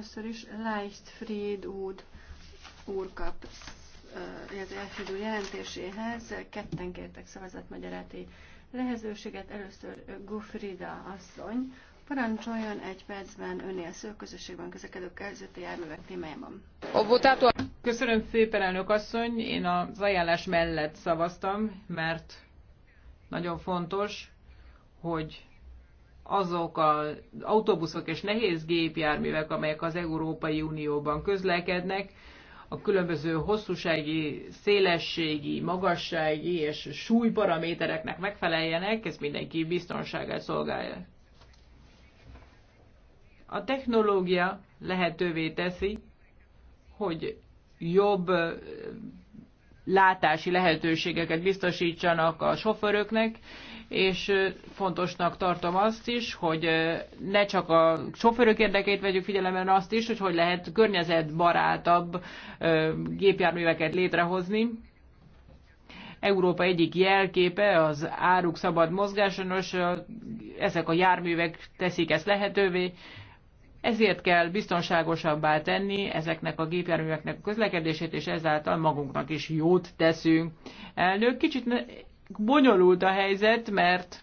Először is Leichtfried úr, úr kap az Elfried úr jelentéséhez. Ketten kértek szavazatmagyarati lehezőséget. Először Gufrida asszony. Parancsoljon egy percben önél szőközösségben közlekedő kezdeti járművek témájában. Köszönöm szépen, elnök asszony. Én az ajánlás mellett szavaztam, mert nagyon fontos, hogy azok az autóbuszok és nehéz gépjárművek, amelyek az Európai Unióban közlekednek, a különböző hosszúsági, szélességi, magassági és súlyparamétereknek megfeleljenek, ez mindenki biztonságát szolgálja. A technológia lehetővé teszi, hogy jobb látási lehetőségeket biztosítsanak a sofőröknek, és fontosnak tartom azt is, hogy ne csak a sofőrök érdekét vegyük figyelemben, azt is, hogy hogy lehet környezetbarátabb gépjárműveket létrehozni. Európa egyik jelképe az áruk szabad mozgása, nos, ezek a járművek teszik ezt lehetővé, ezért kell biztonságosabbá tenni ezeknek a gépjárműveknek a közlekedését, és ezáltal magunknak is jót teszünk. Elnök, kicsit bonyolult a helyzet, mert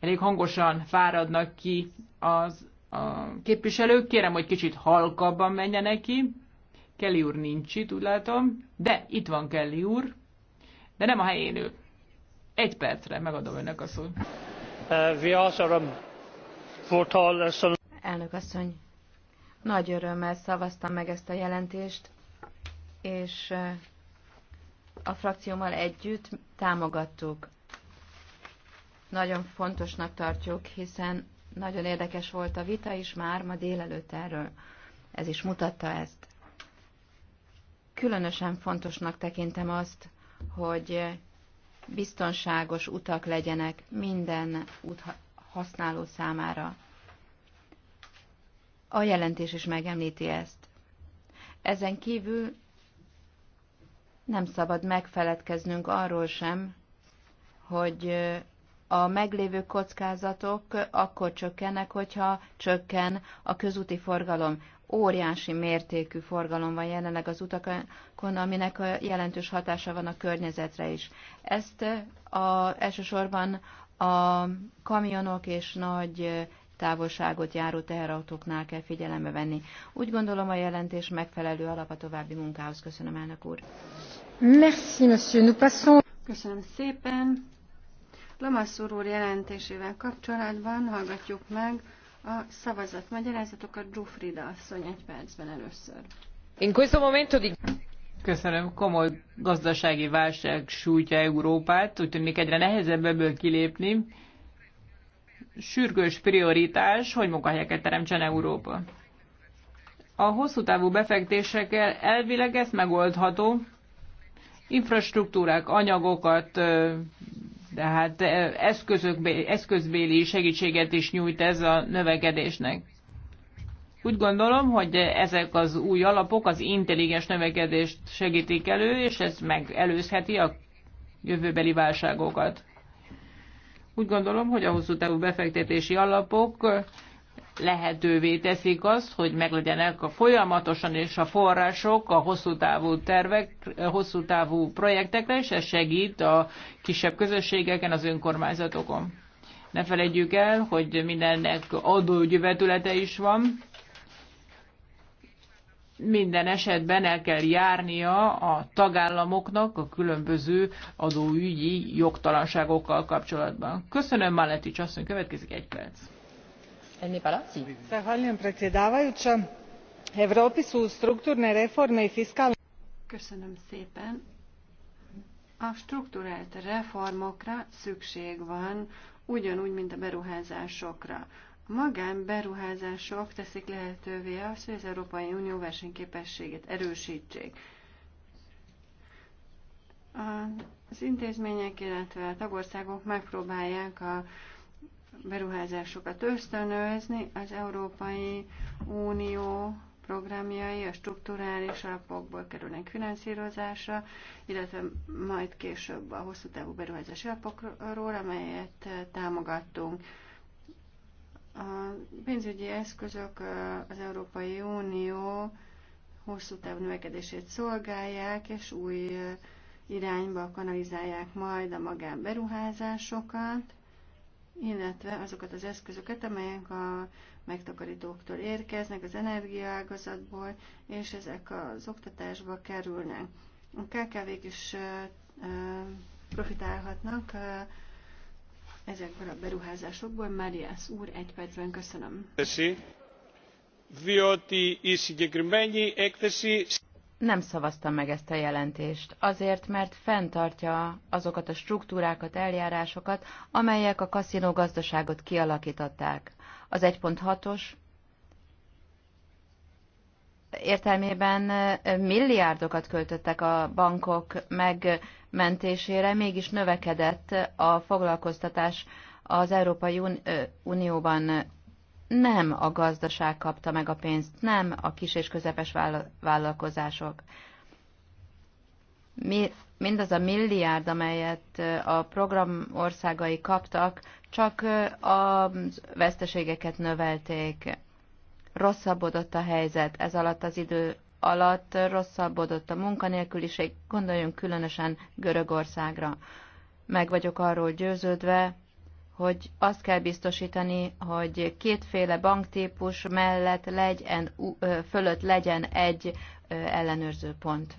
elég hangosan fáradnak ki az a képviselők. Kérem, hogy kicsit halkabban menjenek ki. Kelly úr nincs itt, úgy látom. De itt van Kelly úr, de nem a helyén ő. Egy percre megadom önnek a szót. Uh, elnök asszony. Nagy örömmel szavaztam meg ezt a jelentést, és a frakciómmal együtt támogattuk. Nagyon fontosnak tartjuk, hiszen nagyon érdekes volt a vita is már ma délelőtt erről. Ez is mutatta ezt. Különösen fontosnak tekintem azt, hogy biztonságos utak legyenek minden út használó számára. A jelentés is megemlíti ezt. Ezen kívül nem szabad megfeledkeznünk arról sem, hogy a meglévő kockázatok akkor csökkennek, hogyha csökken a közúti forgalom. Óriási mértékű forgalom van jelenleg az utakon, aminek a jelentős hatása van a környezetre is. Ezt a, elsősorban a kamionok és nagy távolságot járó teherautóknál kell figyelembe venni. Úgy gondolom a jelentés megfelelő alap a további munkához. Köszönöm, elnök úr. Merci, monsieur. Nous passons... Köszönöm szépen. Lamassur úr jelentésével kapcsolatban hallgatjuk meg a szavazat magyarázatokat Zsufrida asszony egy percben először. In questo momento di... Köszönöm. Komoly gazdasági válság sújtja Európát, úgy tűnik egyre nehezebb ebből kilépni sürgős prioritás, hogy munkahelyeket teremtsen Európa. A hosszú távú befektésekkel elvileg ez megoldható, infrastruktúrák, anyagokat, tehát eszközök, eszközbéli segítséget is nyújt ez a növekedésnek. Úgy gondolom, hogy ezek az új alapok az intelligens növekedést segítik elő, és ez megelőzheti a jövőbeli válságokat. Úgy gondolom, hogy a hosszú távú befektetési alapok lehetővé teszik azt, hogy meglegyenek a folyamatosan és a források a hosszú távú tervek, hosszú távú projektekre, és ez segít a kisebb közösségeken, az önkormányzatokon. Ne felejtjük el, hogy mindennek adógyvetülete is van, minden esetben el kell járnia a tagállamoknak a különböző adóügyi jogtalanságokkal kapcsolatban. Köszönöm, Maletics asszony, következik egy perc. Köszönöm szépen. A strukturált reformokra szükség van, ugyanúgy, mint a beruházásokra magánberuházások teszik lehetővé azt, hogy az Európai Unió versenyképességét erősítsék. Az intézmények, illetve a tagországok megpróbálják a beruházásokat ösztönözni. Az Európai Unió programjai a strukturális alapokból kerülnek finanszírozásra, illetve majd később a hosszú távú beruházási alapokról, amelyet támogattunk. A pénzügyi eszközök az Európai Unió hosszú távú növekedését szolgálják, és új irányba kanalizálják majd a magánberuházásokat, illetve azokat az eszközöket, amelyek a megtakarítóktól érkeznek, az energiaágazatból, és ezek az oktatásba kerülnek. A KKV-k is profitálhatnak ezekből a beruházásokból. Marias úr, egy percben köszönöm. Nem szavaztam meg ezt a jelentést, azért, mert fenntartja azokat a struktúrákat, eljárásokat, amelyek a kaszinó gazdaságot kialakították. Az 1.6-os értelmében milliárdokat költöttek a bankok megmentésére, mégis növekedett a foglalkoztatás az Európai Unióban. Nem a gazdaság kapta meg a pénzt, nem a kis és közepes vállalkozások. Mi, mindaz a milliárd, amelyet a program országai kaptak, csak a veszteségeket növelték rosszabbodott a helyzet ez alatt az idő alatt, rosszabbodott a munkanélküliség, gondoljunk különösen Görögországra. Meg vagyok arról győződve, hogy azt kell biztosítani, hogy kétféle banktípus mellett legyen, fölött legyen egy ellenőrző pont.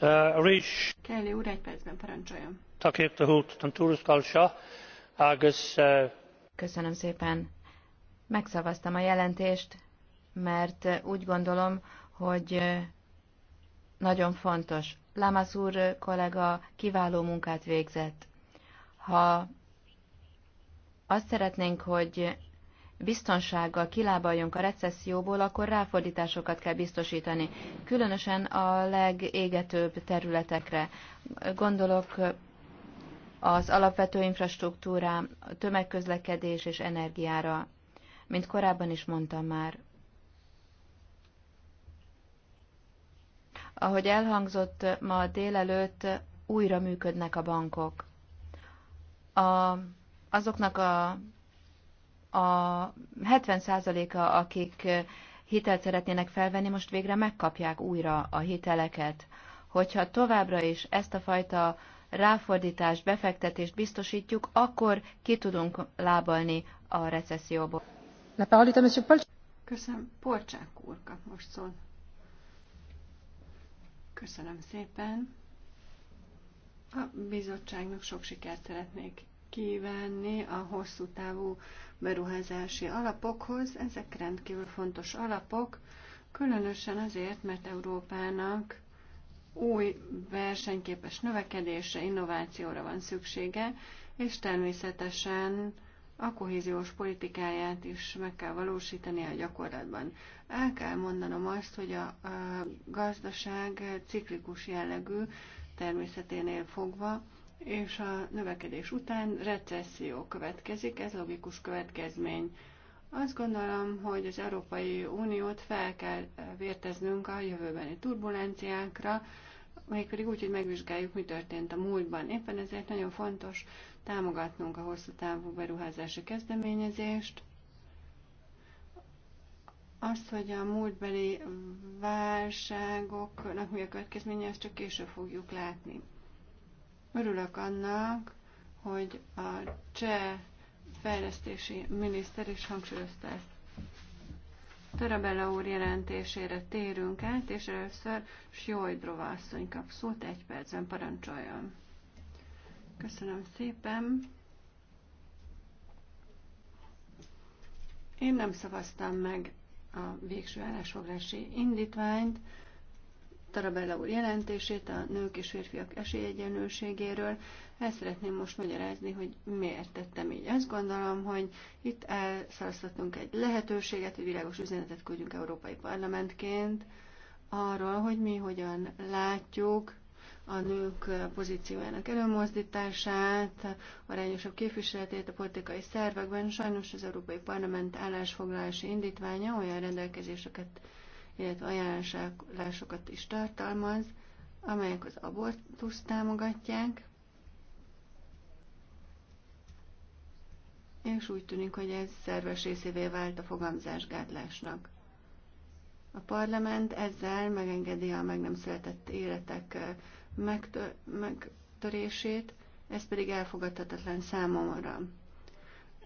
Uh, Kelly úr, egy percben parancsoljon. Köszönöm szépen. Megszavaztam a jelentést, mert úgy gondolom, hogy nagyon fontos. Lámasz úr kollega kiváló munkát végzett. Ha azt szeretnénk, hogy biztonsággal kilábaljunk a recesszióból, akkor ráfordításokat kell biztosítani, különösen a legégetőbb területekre. Gondolok az alapvető infrastruktúrá, tömegközlekedés és energiára, mint korábban is mondtam már. Ahogy elhangzott ma délelőtt, újra működnek a bankok. A, azoknak a, a 70%-a, akik hitelt szeretnének felvenni, most végre megkapják újra a hiteleket. Hogyha továbbra is ezt a fajta ráfordítást, befektetést biztosítjuk, akkor ki tudunk lábalni a recesszióból. Köszönöm. Porcsák úr kap most szól. Köszönöm szépen. A bizottságnak sok sikert szeretnék kívánni a hosszú távú beruházási alapokhoz. Ezek rendkívül fontos alapok, különösen azért, mert Európának új versenyképes növekedésre, innovációra van szüksége, és természetesen a kohéziós politikáját is meg kell valósítani a gyakorlatban. El kell mondanom azt, hogy a, a gazdaság ciklikus jellegű természeténél fogva, és a növekedés után recesszió következik, ez logikus következmény. Azt gondolom, hogy az Európai Uniót fel kell vérteznünk a jövőbeni turbulenciákra, mégpedig úgy, hogy megvizsgáljuk, mi történt a múltban. Éppen ezért nagyon fontos támogatnunk a hosszú távú beruházási kezdeményezést, azt, hogy a múltbeli válságoknak mi a következménye, ezt csak később fogjuk látni. Örülök annak, hogy a cseh fejlesztési miniszter is hangsúlyozta ezt Tarabella úr jelentésére térünk át, és először Sjojdrova asszony kap szót, egy percben parancsoljon. Köszönöm szépen. Én nem szavaztam meg a végső állásfoglási indítványt, Tarabella úr jelentését a nők és férfiak esélyegyenlőségéről. El szeretném most magyarázni, hogy miért tettem így. Azt gondolom, hogy itt elszalasztottunk egy lehetőséget, hogy világos üzenetet küldjünk Európai Parlamentként arról, hogy mi hogyan látjuk a nők pozíciójának előmozdítását, arányosabb képviseletét a politikai szervekben. Sajnos az Európai Parlament állásfoglalási indítványa olyan rendelkezéseket illetve ajánlásokat is tartalmaz, amelyek az abortuszt támogatják, és úgy tűnik, hogy ez szerves részévé vált a fogamzásgátlásnak. A parlament ezzel megengedi a meg nem született életek megtörését, ez pedig elfogadhatatlan számomra.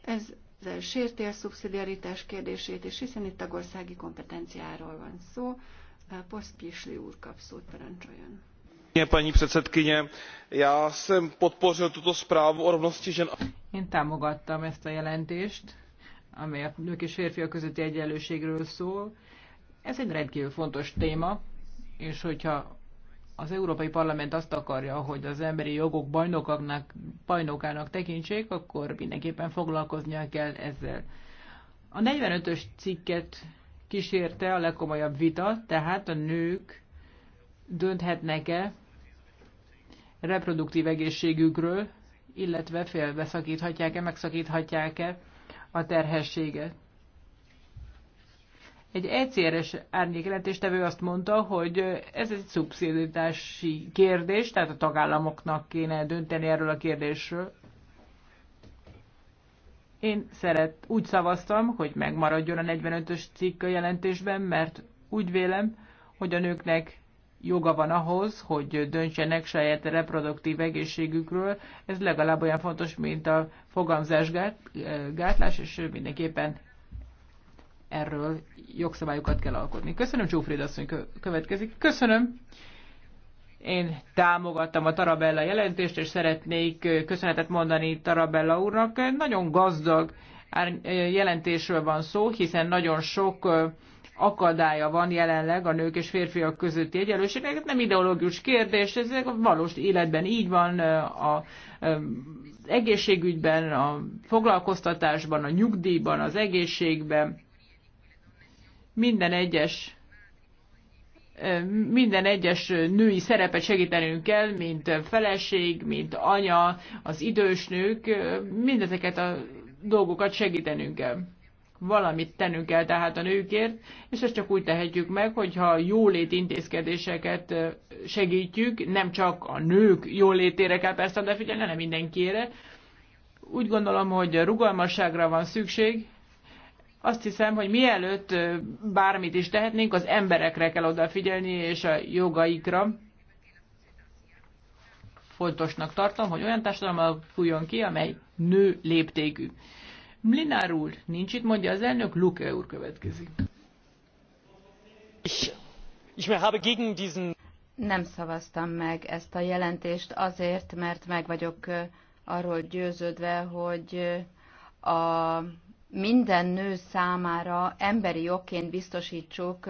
Ez az sérti a szubszidiaritás kérdését, és hiszen itt tagországi kompetenciáról van szó. Poszpisli úr kap szót, parancsoljon. Paní předsedkyně, já jsem podpořil tuto zprávu o rovnosti žen. Én támogattam ezt a jelentést, amely a nők és férfiak közötti egyenlőségről szól. Ez egy rendkívül fontos téma, és hogyha az Európai Parlament azt akarja, hogy az emberi jogok bajnokaknak, bajnokának tekintsék, akkor mindenképpen foglalkoznia kell ezzel. A 45-ös cikket kísérte a legkomolyabb vita, tehát a nők dönthetnek-e reproduktív egészségükről, illetve félbeszakíthatják-e, megszakíthatják-e a terhességet. Egy ECRS es azt mondta, hogy ez egy szubsziditási kérdés, tehát a tagállamoknak kéne dönteni erről a kérdésről. Én szeret, úgy szavaztam, hogy megmaradjon a 45-ös cikk a jelentésben, mert úgy vélem, hogy a nőknek joga van ahhoz, hogy döntsenek saját reproduktív egészségükről. Ez legalább olyan fontos, mint a fogamzásgátlás, és mindenképpen erről jogszabályokat kell alkotni. Köszönöm, Csófréd asszony következik. Köszönöm. Én támogattam a Tarabella jelentést, és szeretnék köszönetet mondani Tarabella úrnak. Nagyon gazdag jelentésről van szó, hiszen nagyon sok akadálya van jelenleg a nők és férfiak közötti egyenlőségnek. Ez nem ideológus kérdés, ez valós életben így van, a, a egészségügyben, a foglalkoztatásban, a nyugdíjban, az egészségben minden egyes minden egyes női szerepet segítenünk kell, mint feleség, mint anya, az idős nők, mindezeket a dolgokat segítenünk kell. Valamit tennünk kell tehát a nőkért, és ezt csak úgy tehetjük meg, hogyha jólét intézkedéseket segítjük, nem csak a nők jólétére kell persze figyelni, hanem mindenkire. Úgy gondolom, hogy rugalmasságra van szükség, azt hiszem, hogy mielőtt bármit is tehetnénk, az emberekre kell odafigyelni, és a jogaikra. Fontosnak tartom, hogy olyan társadalom alakuljon ki, amely nő léptékű. Mlinár úr nincs itt, mondja az elnök, Luke úr következik. Nem szavaztam meg ezt a jelentést azért, mert meg vagyok arról győződve, hogy a minden nő számára emberi jogként biztosítsuk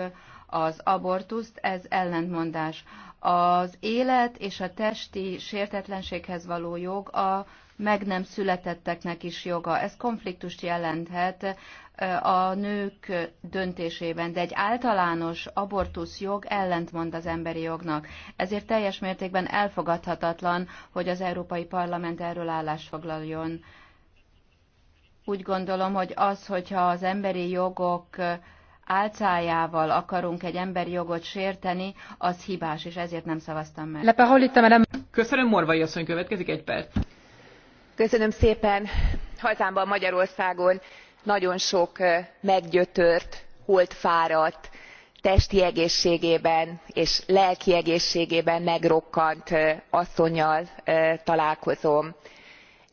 az abortuszt, ez ellentmondás. Az élet és a testi sértetlenséghez való jog a meg nem születetteknek is joga. Ez konfliktust jelenthet a nők döntésében, de egy általános abortusz jog ellentmond az emberi jognak. Ezért teljes mértékben elfogadhatatlan, hogy az Európai Parlament erről állást foglaljon. Úgy gondolom, hogy az, hogyha az emberi jogok álcájával akarunk egy emberi jogot sérteni, az hibás, és ezért nem szavaztam meg. Köszönöm, Morvai asszony, következik egy perc. Köszönöm szépen. Hazámban, Magyarországon nagyon sok meggyötört, holtfáradt, testi egészségében és lelki egészségében megrokkant asszonnyal találkozom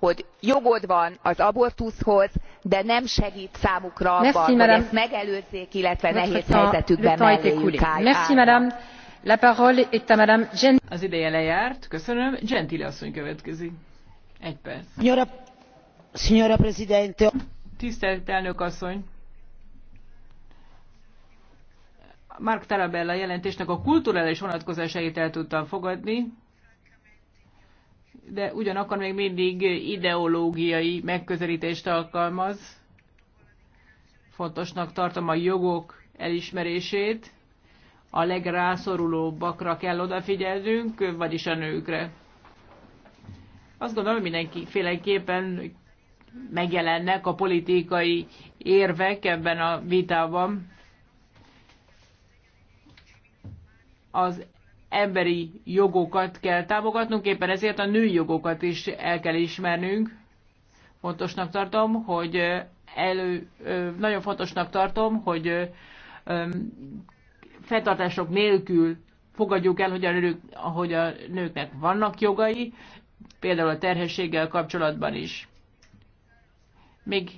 hogy jogod van az abortuszhoz de nem segt számukra abban hogy ezt megelőzzék illetve nehéz helyzetükben melléjük álljanak. az ideje lejárt köszönöm gentile következik egy perc. tisztelt elnök asszony! marc tarabella jelentésnek a kulturális vonatkozásait el tudtam fogadni de ugyanakkor még mindig ideológiai megközelítést alkalmaz. Fontosnak tartom a jogok elismerését, a legrászorulóbbakra kell odafigyelnünk, vagyis a nőkre. Azt gondolom, hogy mindenféleképpen megjelennek a politikai érvek ebben a vitában. Az emberi jogokat kell támogatnunk, éppen ezért a női jogokat is el kell ismernünk. Fontosnak tartom, hogy elő, nagyon fontosnak tartom, hogy fenntartások nélkül fogadjuk el, hogy a, nők, hogy a nőknek vannak jogai, például a terhességgel kapcsolatban is. Még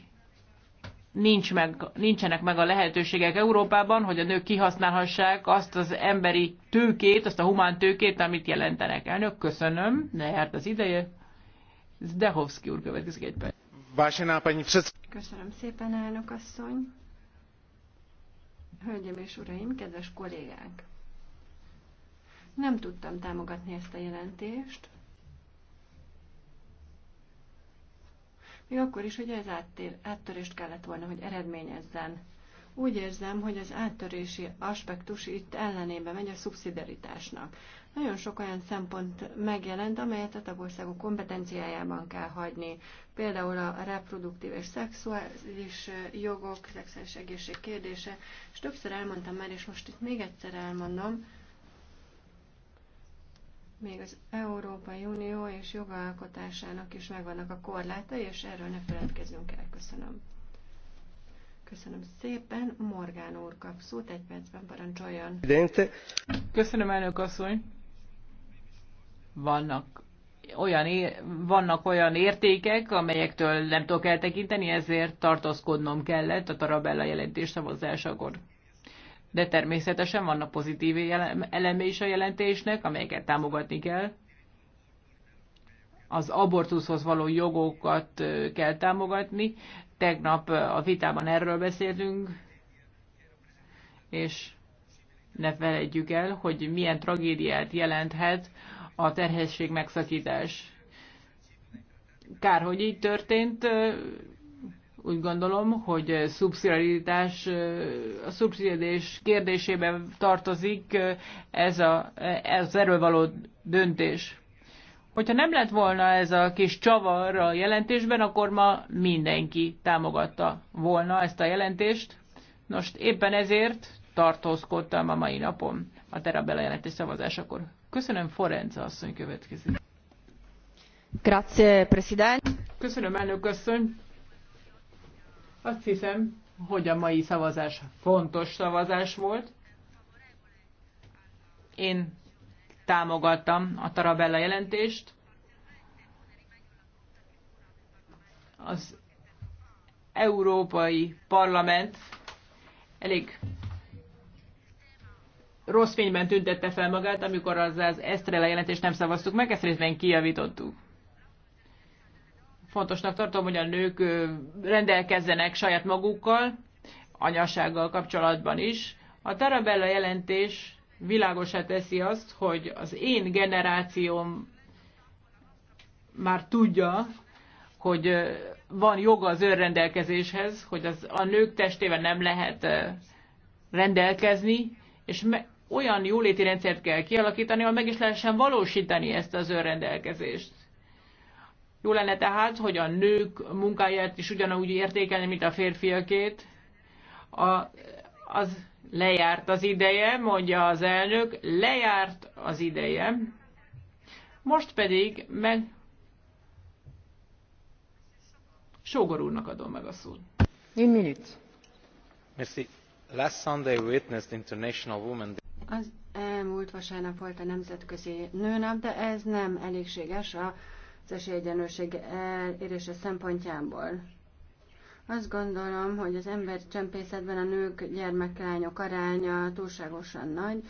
nincs meg, nincsenek meg a lehetőségek Európában, hogy a nők kihasználhassák azt az emberi tőkét, azt a humán tőkét, amit jelentenek. Elnök, köszönöm, ne járt az ideje. Zdehovszki úr következik egy perc. Köszönöm szépen, elnök asszony. Hölgyeim és uraim, kedves kollégák! Nem tudtam támogatni ezt a jelentést, Még akkor is, hogy ez áttér, áttörést kellett volna, hogy eredményezzen. Úgy érzem, hogy az áttörési aspektus itt ellenébe megy a szubszidaritásnak. Nagyon sok olyan szempont megjelent, amelyet a tagországok kompetenciájában kell hagyni. Például a reproduktív és szexuális jogok, szexuális egészség kérdése, és többször elmondtam már, és most itt még egyszer elmondom, még az Európai Unió és jogalkotásának is megvannak a korlátai, és erről ne feledkezzünk el. Köszönöm. Köszönöm szépen. Morgán úr kap szót, egy percben parancsoljon. Köszönöm, elnök asszony. Vannak olyan, vannak olyan értékek, amelyektől nem tudok eltekinteni, ezért tartózkodnom kellett a Tarabella jelentés szavazásakor de természetesen vannak pozitív eleme is a jelentésnek, amelyeket támogatni kell. Az abortuszhoz való jogokat kell támogatni. Tegnap a vitában erről beszéltünk, és ne felejtjük el, hogy milyen tragédiát jelenthet a terhesség megszakítás. Kár, hogy így történt, úgy gondolom, hogy szubszidiaritás, a szubszidiaritás kérdésében tartozik ez, a, ez az erről való döntés. Hogyha nem lett volna ez a kis csavar a jelentésben, akkor ma mindenki támogatta volna ezt a jelentést. Most éppen ezért tartózkodtam a mai napon a terabela jelentés szavazásakor. Köszönöm, Forenza asszony következő. Grazie, President. Köszönöm, elnök asszony. Azt hiszem, hogy a mai szavazás fontos szavazás volt. Én támogattam a Tarabella jelentést. Az Európai Parlament elég rossz fényben tüntette fel magát, amikor az, az Estrella jelentést nem szavaztuk meg, ezt részben kijavítottuk. Fontosnak tartom, hogy a nők rendelkezzenek saját magukkal, anyasággal kapcsolatban is. A Tarabella jelentés világosá teszi azt, hogy az én generációm már tudja, hogy van joga az önrendelkezéshez, hogy az, a nők testében nem lehet rendelkezni, és me, olyan jóléti rendszert kell kialakítani, hogy meg is lehessen valósítani ezt az önrendelkezést. Jó lenne tehát, hogy a nők munkáját is ugyanúgy értékelni, mint a férfiakét. A, az lejárt az ideje, mondja az elnök, lejárt az ideje. Most pedig meg Sógor úrnak adom meg a szót. Egy minut. Merci. Last Sunday witnessed International Women Az elmúlt vasárnap volt a nemzetközi nőnap, de ez nem elégséges a az esélyegyenlőség elérése szempontjából. Azt gondolom, hogy az ember csempészetben a nők, gyermeklányok aránya túlságosan nagy,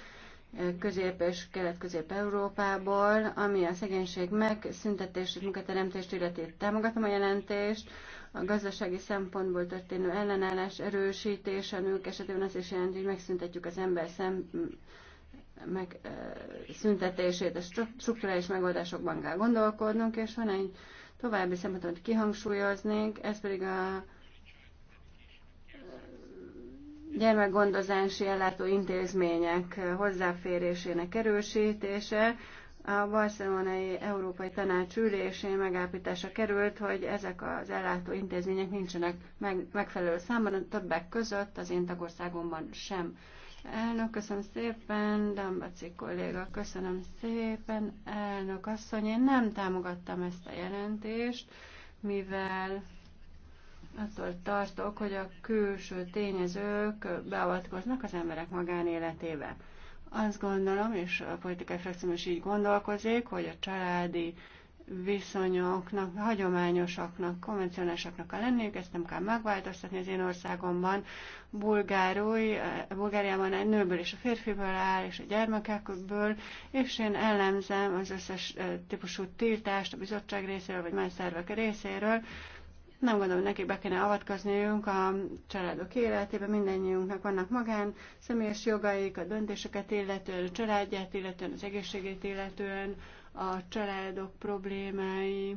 Közép- és Kelet-Közép-Európából, ami a szegénység megszüntetését, munkateremtést illeti. Támogatom a jelentést, a gazdasági szempontból történő ellenállás erősítése a nők esetében azt is jelenti, hogy megszüntetjük az ember szem, megszüntetését, a strukturális megoldásokban kell gondolkodnunk, és van egy további amit kihangsúlyoznék, ez pedig a gyermekgondozási ellátó intézmények hozzáférésének erősítése. A Barcelonai Európai Tanács ülésén megállapítása került, hogy ezek az ellátó intézmények nincsenek meg, megfelelő számban, többek között az én tagországomban sem. Elnök, köszönöm szépen, Dambaci kolléga, köszönöm szépen, elnök asszony, én nem támogattam ezt a jelentést, mivel attól tartok, hogy a külső tényezők beavatkoznak az emberek magánéletébe. Azt gondolom, és a politikai frakcióm is így gondolkozik, hogy a családi uh, viszonyoknak, hagyományosaknak, konvencionálisaknak kell lennék, ezt nem kell megváltoztatni az én országomban. Bulgárói, eh, Bulgáriában egy nőből és a férfiből áll, és a gyermekekből, és én ellenzem az összes eh, típusú tiltást a bizottság részéről, vagy más szervek részéről, nem gondolom, hogy nekik be kéne avatkozniunk a családok életébe, mindannyiunknak vannak magán személyes jogaik, a döntéseket illetően, a családját illetően, az egészségét illetően, a családok problémái,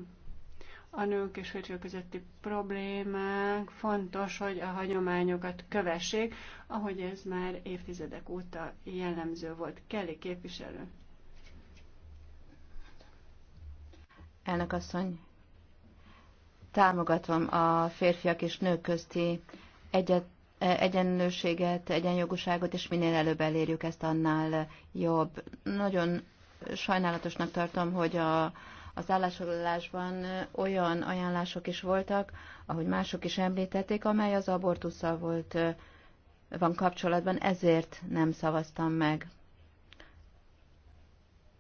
a nők és férfiak közötti problémák, fontos, hogy a hagyományokat kövessék, ahogy ez már évtizedek óta jellemző volt. Kelly képviselő. Elnök asszony, támogatom a férfiak és nők közti egyet, egyenlőséget, egyenjogúságot, és minél előbb elérjük ezt, annál jobb. Nagyon Sajnálatosnak tartom, hogy a, az állásolásban olyan ajánlások is voltak, ahogy mások is említették, amely az abortussal volt, van kapcsolatban, ezért nem szavaztam meg.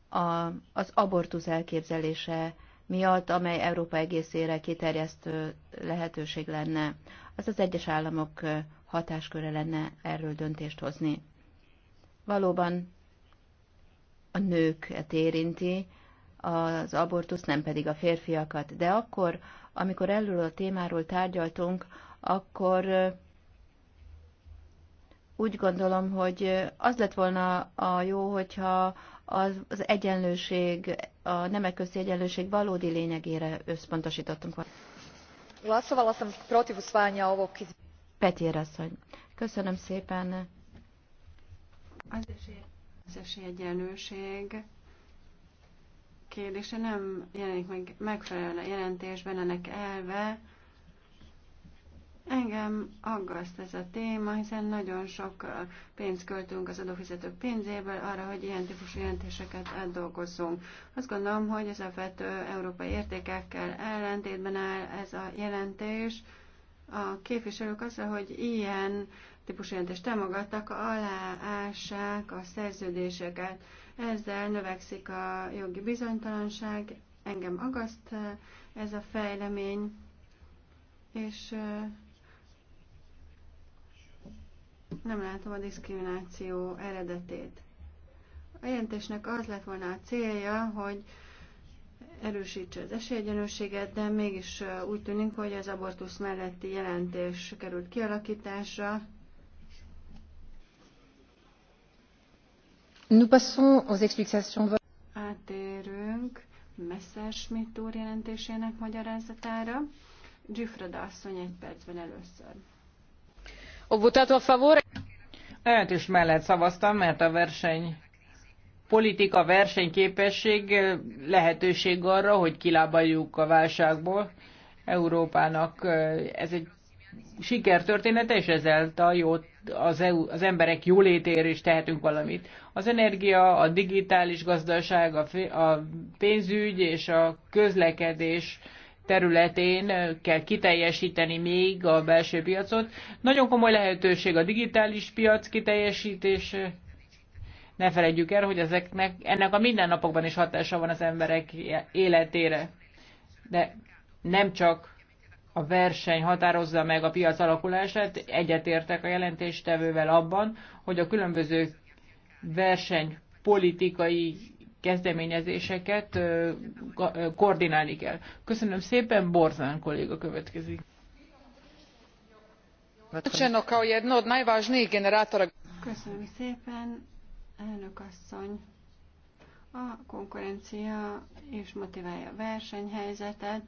A, az abortusz elképzelése miatt, amely Európa egészére kiterjesztő lehetőség lenne, az az egyes államok hatásköre lenne erről döntést hozni. Valóban a nőket érinti, az abortus nem pedig a férfiakat. De akkor, amikor erről a témáról tárgyaltunk, akkor úgy gondolom, hogy az lett volna a jó, hogyha az egyenlőség, a nemek közti egyenlőség valódi lényegére összpontosítottunk volna. Lászlóval sam protiv usvajanja ovog Petér asszony. Köszönöm szépen. Azért az esélyegyenlőség kérdése nem jelenik meg megfelelő a jelentésben, ennek elve. Engem aggaszt ez a téma, hiszen nagyon sok pénzt költünk az adófizetők pénzéből arra, hogy ilyen típusú jelentéseket átdolgozzunk. Azt gondolom, hogy ez a vető európai értékekkel ellentétben áll ez a jelentés. A képviselők azzal, hogy ilyen típusjelentést támogattak, aláássák a szerződéseket. Ezzel növekszik a jogi bizonytalanság, engem agaszt eh, ez a fejlemény, és eh, nem látom a diszkrimináció eredetét. A jelentésnek az lett volna a célja, hogy erősítse az esélyegyenlőséget, de mégis eh, úgy tűnik, hogy az abortusz melletti jelentés került kialakításra, Nous passons aux explications de vote. Átérünk Messerschmitt úr jelentésének magyarázatára. Gyufrada asszony egy percben először. Ho a favore. A jelentés mellett szavaztam, mert a verseny politika versenyképesség lehetőség arra, hogy kilábaljuk a válságból. Európának eh, ez egy sikertörténete, és ezáltal jó, az, EU, az emberek jólétér, is tehetünk valamit. Az energia, a digitális gazdaság, a, a pénzügy és a közlekedés területén kell kiteljesíteni még a belső piacot. Nagyon komoly lehetőség a digitális piac kiteljesítés. Ne felejtjük el, hogy ezeknek, ennek a mindennapokban is hatása van az emberek életére. De nem csak a verseny határozza meg a piac alakulását. Egyetértek a jelentéstevővel abban, hogy a különböző versenypolitikai kezdeményezéseket koordinálni kell. Köszönöm szépen, Borzán kolléga következik. Köszönöm szépen, elnök asszony. A konkurencia és motiválja a versenyhelyzetet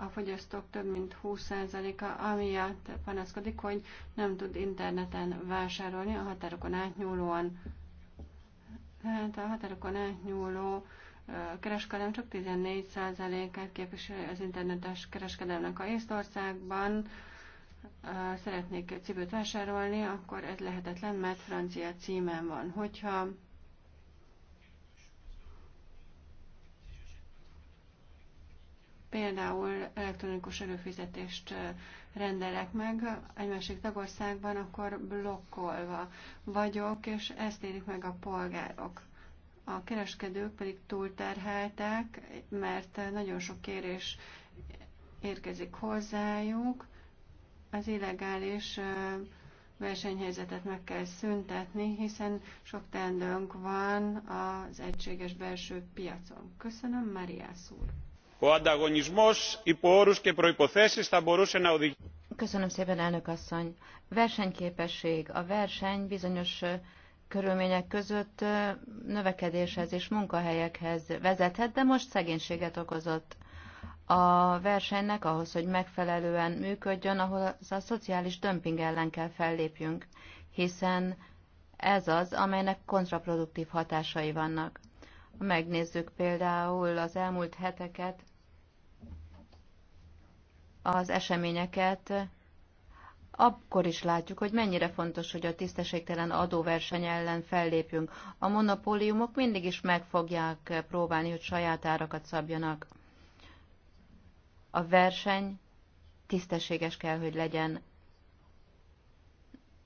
a fogyasztók több mint 20%-a amiatt panaszkodik, hogy nem tud interneten vásárolni a határokon átnyúlóan. Tehát a határokon átnyúló kereskedelem csak 14%-át képviseli az internetes kereskedelemnek a Észtországban. Szeretnék cipőt vásárolni, akkor ez lehetetlen, mert francia címen van. Hogyha például elektronikus előfizetést rendelek meg egy másik tagországban, akkor blokkolva vagyok, és ezt élik meg a polgárok. A kereskedők pedig túlterheltek, mert nagyon sok kérés érkezik hozzájuk. Az illegális versenyhelyzetet meg kell szüntetni, hiszen sok tendőnk van az egységes belső piacon. Köszönöm, Mariász úr! Ο ανταγωνισμός υπό όρους και προϋποθέσεις θα μπορούσε να οδηγήσει... A verseny bizonyos körülmények között növekedéshez és munkahelyekhez vezethet, de most szegénységet okozott. A versenynek ahhoz, hogy megfelelően működjön, ahol a szociális dömping ellen kell fellépjünk, hiszen ez az, amelynek kontraproduktív hatásai vannak. Megnézzük például az elmúlt heteket, az eseményeket, akkor is látjuk, hogy mennyire fontos, hogy a tisztességtelen adóverseny ellen fellépjünk. A monopóliumok mindig is meg fogják próbálni, hogy saját árakat szabjanak. A verseny tisztességes kell, hogy legyen.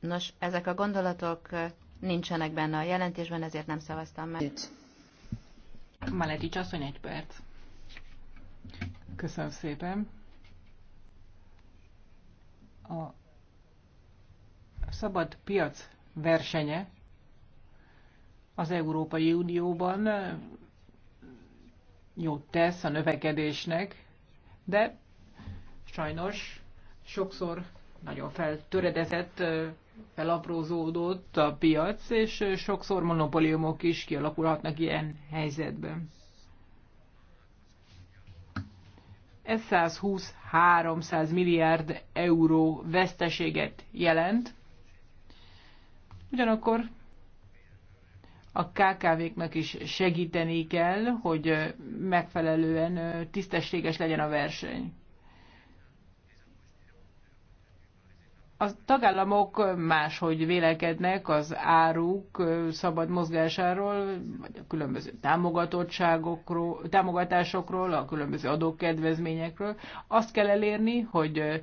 Nos, ezek a gondolatok nincsenek benne a jelentésben, ezért nem szavaztam meg. Maledics asszony, egy perc. Köszönöm szépen a szabad piac versenye az Európai Unióban jót tesz a növekedésnek, de sajnos sokszor nagyon feltöredezett, felaprózódott a piac, és sokszor monopóliumok is kialakulhatnak ilyen helyzetben. 120-300 milliárd euró veszteséget jelent. Ugyanakkor a KKV-knak is segíteni kell, hogy megfelelően tisztességes legyen a verseny. A tagállamok máshogy vélekednek az áruk szabad mozgásáról, vagy a különböző támogatottságokról, támogatásokról, a különböző adókedvezményekről. Azt kell elérni, hogy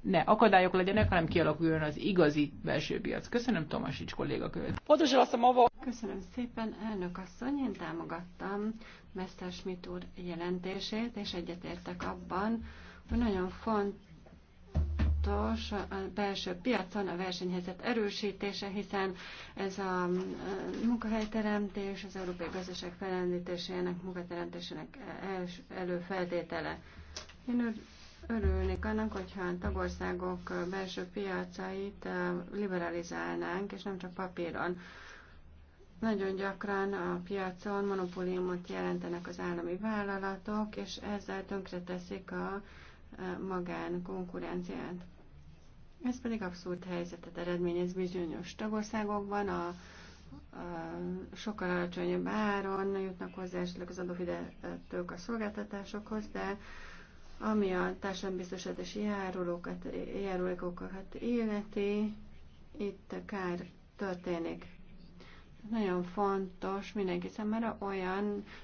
ne akadályok legyenek, hanem kialakuljon az igazi belső piac. Köszönöm, Tomasics kolléga követ. Köszönöm szépen, elnök asszony, én támogattam Schmidt úr jelentését, és egyetértek abban, hogy nagyon fontos, fontos a belső piacon a versenyhelyzet erősítése, hiszen ez a munkahelyteremtés az európai gazdaság felendítésének, munkateremtésének előfeltétele. Én örülnék annak, hogyha a tagországok belső piacait liberalizálnánk, és nem csak papíron. Nagyon gyakran a piacon monopóliumot jelentenek az állami vállalatok, és ezzel tönkreteszik a magán konkurenciát. Ez pedig abszurd helyzetet eredményez bizonyos tagországokban, a, a sokkal alacsonyabb áron jutnak hozzá esetleg az adófizetők a szolgáltatásokhoz, de ami a társadalombiztosítási járulókat, járulékokat illeti, itt kár történik. Nagyon fontos mindenki számára olyan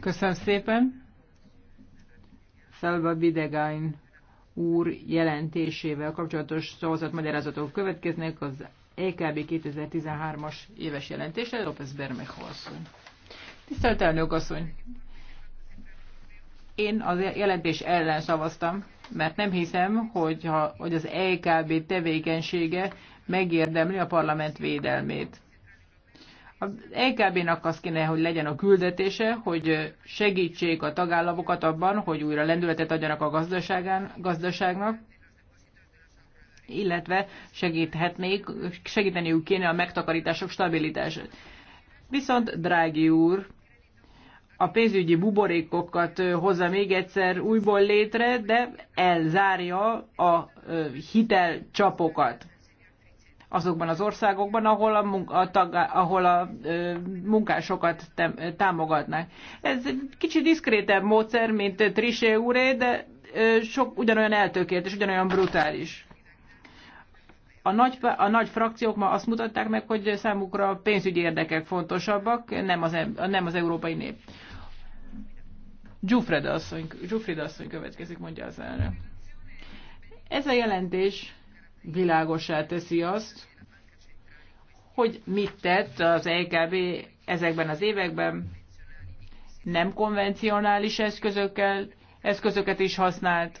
Köszönöm szépen. Salva Bidegain úr jelentésével kapcsolatos magyarázatok következnek az EKB 2013-as éves jelentése, López Bermejo asszony. Tisztelt elnök asszony! Én az jelentés ellen szavaztam, mert nem hiszem, hogy, ha, hogy az EKB tevékenysége megérdemli a parlament védelmét. Az LKB-nak az kéne, hogy legyen a küldetése, hogy segítsék a tagállamokat abban, hogy újra lendületet adjanak a gazdaságán, gazdaságnak, illetve segíthetnék, segíteniük kéne a megtakarítások stabilitását. Viszont, drági úr, a pénzügyi buborékokat hozza még egyszer újból létre, de elzárja a hitelcsapokat azokban az országokban, ahol a, munka, a, tag, ahol a ö, munkásokat tem, támogatnák. Ez egy kicsit diszkrétebb módszer, mint Trisé úré, de ö, sok ugyanolyan eltökélt és ugyanolyan brutális. A nagy, a nagy frakciók ma azt mutatták meg, hogy számukra a pénzügyi érdekek fontosabbak, nem az, nem az európai nép. Gyufreda asszony, asszony következik, mondja az elnök. Ez a jelentés világosá teszi azt, hogy mit tett az EKB ezekben az években, nem konvencionális eszközökkel, eszközöket is használt.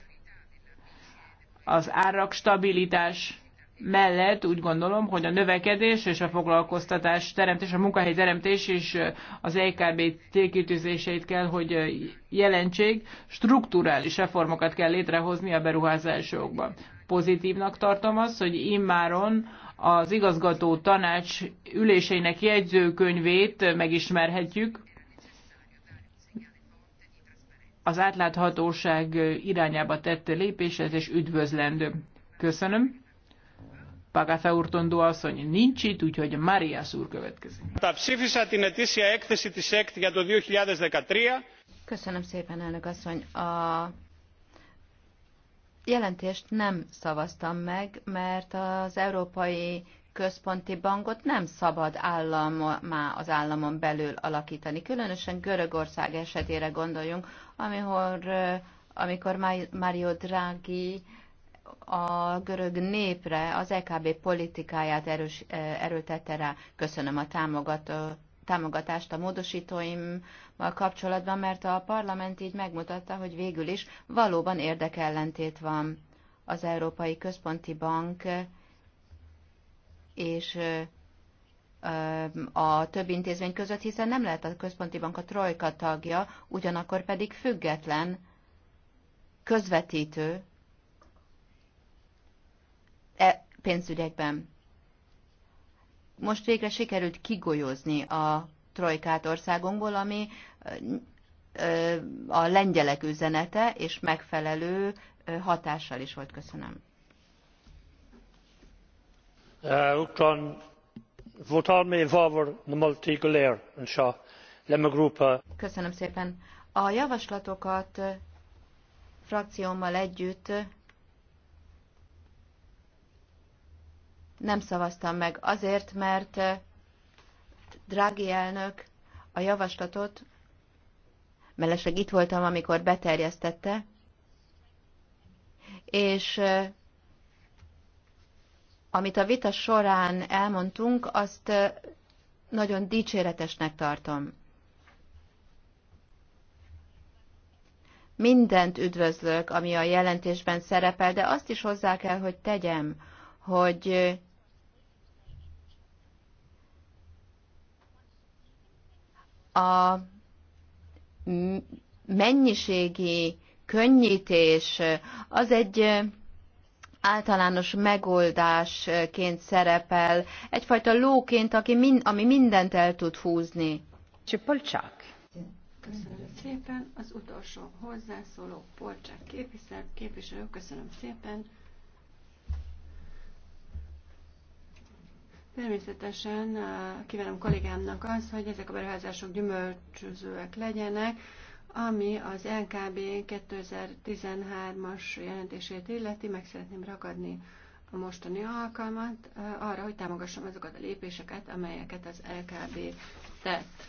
Az árak stabilitás mellett úgy gondolom, hogy a növekedés és a foglalkoztatás teremtés, a munkahely teremtés és az EKB célkitűzéseit kell, hogy jelentség, strukturális reformokat kell létrehozni a beruházásokban pozitívnak tartom azt, hogy immáron az igazgató tanács üléseinek jegyzőkönyvét megismerhetjük. Az átláthatóság irányába tett lépés, ez is üdvözlendő. Köszönöm. Pagatha Urtondó asszony nincs itt, úgyhogy Maria Σουρ következik. 2013. Köszönöm szépen, elnök asszony. A jelentést nem szavaztam meg, mert az Európai Központi Bankot nem szabad államá az államon belül alakítani. Különösen Görögország esetére gondoljunk, amikor, amikor Mario Draghi a görög népre az EKB politikáját erős, erőtette rá. Köszönöm a támogató támogatást a módosítóimmal kapcsolatban, mert a parlament így megmutatta, hogy végül is valóban érdekellentét van az Európai Központi Bank és a több intézmény között, hiszen nem lehet a központi bank a trojka tagja, ugyanakkor pedig független közvetítő e pénzügyekben most végre sikerült kigolyozni a trojkát országunkból, ami a lengyelek üzenete és megfelelő hatással is volt. Köszönöm. Köszönöm szépen. A javaslatokat frakciómmal együtt nem szavaztam meg azért, mert eh, Drági elnök a javaslatot, mellesleg itt voltam, amikor beterjesztette, és eh, amit a vita során elmondtunk, azt eh, nagyon dicséretesnek tartom. Mindent üdvözlök, ami a jelentésben szerepel, de azt is hozzá kell, hogy tegyem, hogy a mennyiségi könnyítés az egy általános megoldásként szerepel, egyfajta lóként, aki min, ami mindent el tud húzni. Csipolcsák. Köszönöm szépen. Az utolsó hozzászóló Polcsák képviselő, képviselő, köszönöm szépen. Természetesen eh, kívánom kollégámnak az, hogy ezek a beruházások gyümölcsözőek legyenek, ami az LKB 2013-as jelentését illeti, meg szeretném ragadni a mostani alkalmat eh, arra, hogy támogassam azokat a lépéseket, amelyeket az LKB tett.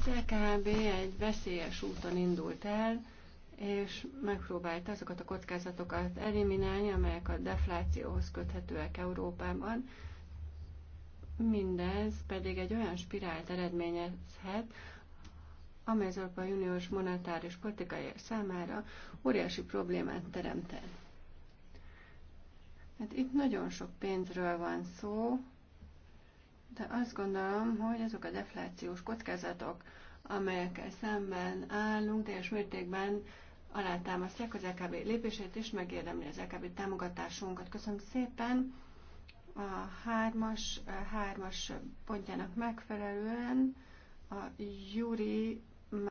Az LKB egy veszélyes úton indult el, és megpróbálta azokat a kockázatokat eliminálni, amelyek a deflációhoz köthetőek Európában. Mindez pedig egy olyan spirált eredményezhet, amely az Európai Uniós monetáris politikai számára óriási problémát teremtett. Hát itt nagyon sok pénzről van szó, de azt gondolom, hogy azok a deflációs kockázatok, amelyekkel szemben állunk, teljes mértékben alátámasztják az LKB lépését, és megérdemli az LKB támogatásunkat. Köszönöm szépen! A hármas, hármas pontjának megfelelően a Júri